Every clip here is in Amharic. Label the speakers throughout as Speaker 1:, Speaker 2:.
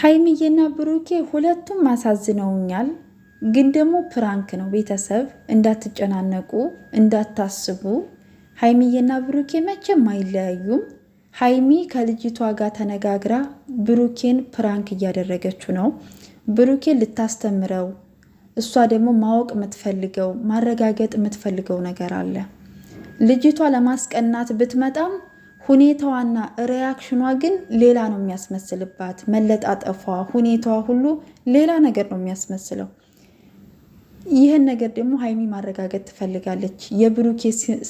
Speaker 1: ሀይሚዬና ብሩኬ ሁለቱም አሳዝነውኛል። ግን ደግሞ ፕራንክ ነው። ቤተሰብ እንዳትጨናነቁ እንዳታስቡ። ሀይሚዬና ብሩኬ መቼም አይለያዩም። ሀይሚ ከልጅቷ ጋር ተነጋግራ ብሩኬን ፕራንክ እያደረገችው ነው። ብሩኬን ልታስተምረው፣ እሷ ደግሞ ማወቅ የምትፈልገው ማረጋገጥ የምትፈልገው ነገር አለ። ልጅቷ ለማስቀናት ብትመጣም ሁኔታዋና ሪያክሽኗ ግን ሌላ ነው የሚያስመስልባት። መለጣጠፏ፣ ሁኔታዋ ሁሉ ሌላ ነገር ነው የሚያስመስለው። ይህን ነገር ደግሞ ሀይሚ ማረጋገጥ ትፈልጋለች። የብሩኬ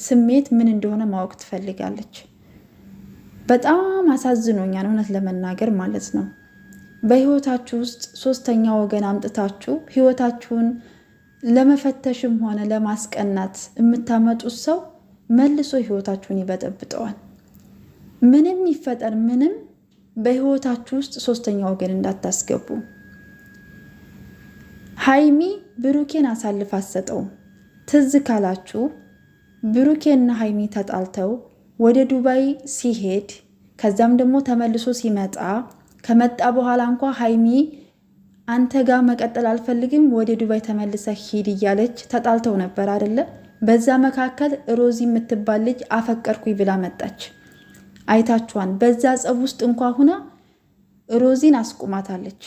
Speaker 1: ስሜት ምን እንደሆነ ማወቅ ትፈልጋለች። በጣም አሳዝኖኛል፣ እውነት ለመናገር ማለት ነው። በህይወታችሁ ውስጥ ሶስተኛ ወገን አምጥታችሁ ህይወታችሁን ለመፈተሽም ሆነ ለማስቀናት የምታመጡት ሰው መልሶ ህይወታችሁን ይበጠብጠዋል። ምንም ይፈጠር ምንም በህይወታችሁ ውስጥ ሶስተኛ ወገን እንዳታስገቡ። ሀይሚ ብሩኬን አሳልፍ አሰጠው። ትዝ ካላችሁ ብሩኬና ሀይሚ ተጣልተው ወደ ዱባይ ሲሄድ ከዛም ደግሞ ተመልሶ ሲመጣ ከመጣ በኋላ እንኳ ሀይሚ አንተ ጋር መቀጠል አልፈልግም ወደ ዱባይ ተመልሰ ሂድ እያለች ተጣልተው ነበር አይደለ በዛ መካከል ሮዚ የምትባል ልጅ አፈቀርኩኝ ብላ መጣች። አይታችኋን። በዛ ጸብ ውስጥ እንኳ ሁና ሮዚን አስቁማታለች።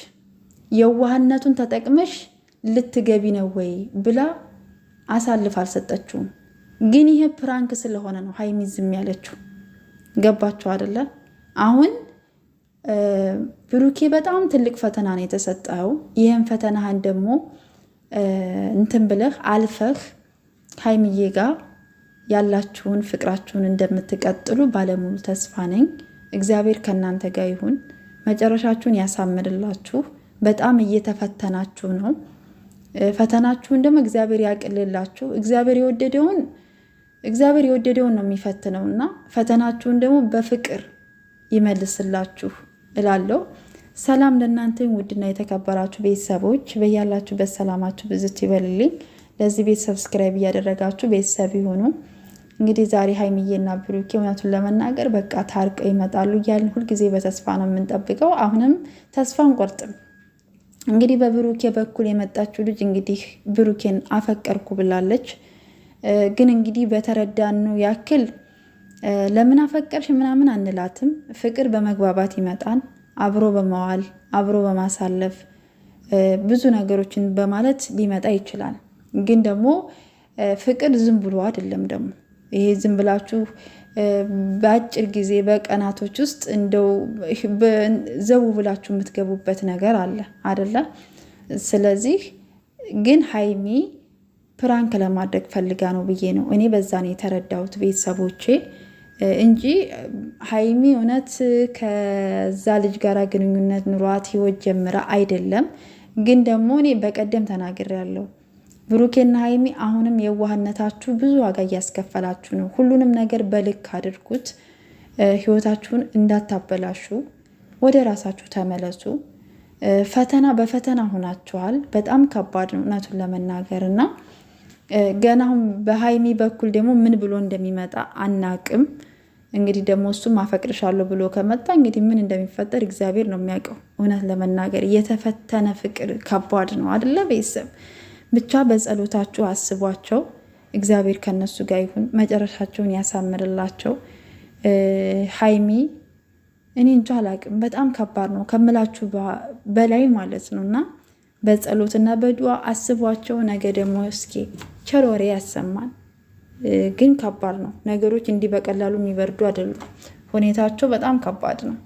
Speaker 1: የዋህነቱን ተጠቅመሽ ልትገቢ ነው ወይ ብላ አሳልፍ አልሰጠችውም። ግን ይሄ ፕራንክ ስለሆነ ነው ሀይሚ ዝም ያለችው። ገባችሁ አይደለ? አሁን ብሩኬ በጣም ትልቅ ፈተና ነው የተሰጠው። ይህን ፈተናህን ደግሞ እንትን ብለህ አልፈህ ሀይሚዬ ጋር ያላችሁን ፍቅራችሁን እንደምትቀጥሉ ባለሙሉ ተስፋ ነኝ። እግዚአብሔር ከእናንተ ጋር ይሁን፣ መጨረሻችሁን ያሳምርላችሁ። በጣም እየተፈተናችሁ ነው። ፈተናችሁን ደግሞ እግዚአብሔር ያቅልላችሁ። እግዚአብሔር የወደደውን እግዚአብሔር የወደደውን ነው የሚፈትነው እና ፈተናችሁን ደግሞ በፍቅር ይመልስላችሁ እላለሁ። ሰላም ለእናንተ ውድና የተከበራችሁ ቤተሰቦች፣ በያላችሁበት ሰላማችሁ ብዝት ይበልልኝ። ለዚህ ቤት ሰብስክራይብ እያደረጋችሁ ቤተሰብ ይሆኑ። እንግዲህ ዛሬ ሀይሚዬና ብሩኬ እውነቱን ለመናገር በቃ ታርቀው ይመጣሉ እያልን ሁልጊዜ በተስፋ ነው የምንጠብቀው። አሁንም ተስፋ አንቆርጥም። እንግዲህ በብሩኬ በኩል የመጣችው ልጅ እንግዲህ ብሩኬን አፈቀርኩ ብላለች። ግን እንግዲህ በተረዳኑ ያክል ለምን አፈቀርሽ ምናምን አንላትም። ፍቅር በመግባባት ይመጣል፣ አብሮ በመዋል አብሮ በማሳለፍ ብዙ ነገሮችን በማለት ሊመጣ ይችላል። ግን ደግሞ ፍቅር ዝም ብሎ አይደለም። ደግሞ ይሄ ዝም ብላችሁ በአጭር ጊዜ በቀናቶች ውስጥ እንደው ዘው ብላችሁ የምትገቡበት ነገር አለ አደለ? ስለዚህ ግን ሀይሚ ፕራንክ ለማድረግ ፈልጋ ነው ብዬ ነው እኔ በዛ ነው የተረዳሁት ቤተሰቦቼ እንጂ ሀይሚ እውነት ከዛ ልጅ ጋር ግንኙነት ኑሯት ህይወት ጀምራ አይደለም። ግን ደግሞ እኔ በቀደም ተናግሬያለሁ ብሩኬና ሀይሚ አሁንም የዋህነታችሁ ብዙ ዋጋ እያስከፈላችሁ ነው። ሁሉንም ነገር በልክ አድርጉት። ህይወታችሁን እንዳታበላሹ፣ ወደ ራሳችሁ ተመለሱ። ፈተና በፈተና ሆናችኋል። በጣም ከባድ ነው እውነቱን ለመናገር እና ገና አሁን በሀይሚ በኩል ደግሞ ምን ብሎ እንደሚመጣ አናቅም። እንግዲህ ደግሞ እሱ አፈቅርሻለሁ ብሎ ከመጣ እንግዲህ ምን እንደሚፈጠር እግዚአብሔር ነው የሚያውቀው። እውነት ለመናገር የተፈተነ ፍቅር ከባድ ነው አደለ ቤተሰብ ብቻ በጸሎታችሁ አስቧቸው። እግዚአብሔር ከነሱ ጋር ይሁን፣ መጨረሻቸውን ያሳምርላቸው። ሀይሚ እኔ እንጃ አላቅም። በጣም ከባድ ነው ከምላችሁ በላይ ማለት ነው እና በጸሎትና በዱዓ አስቧቸው። ነገ ደግሞ እስኪ ቸር ወሬ ያሰማል። ግን ከባድ ነው ነገሮች እንዲህ በቀላሉ የሚበርዱ አይደሉም። ሁኔታቸው በጣም ከባድ ነው።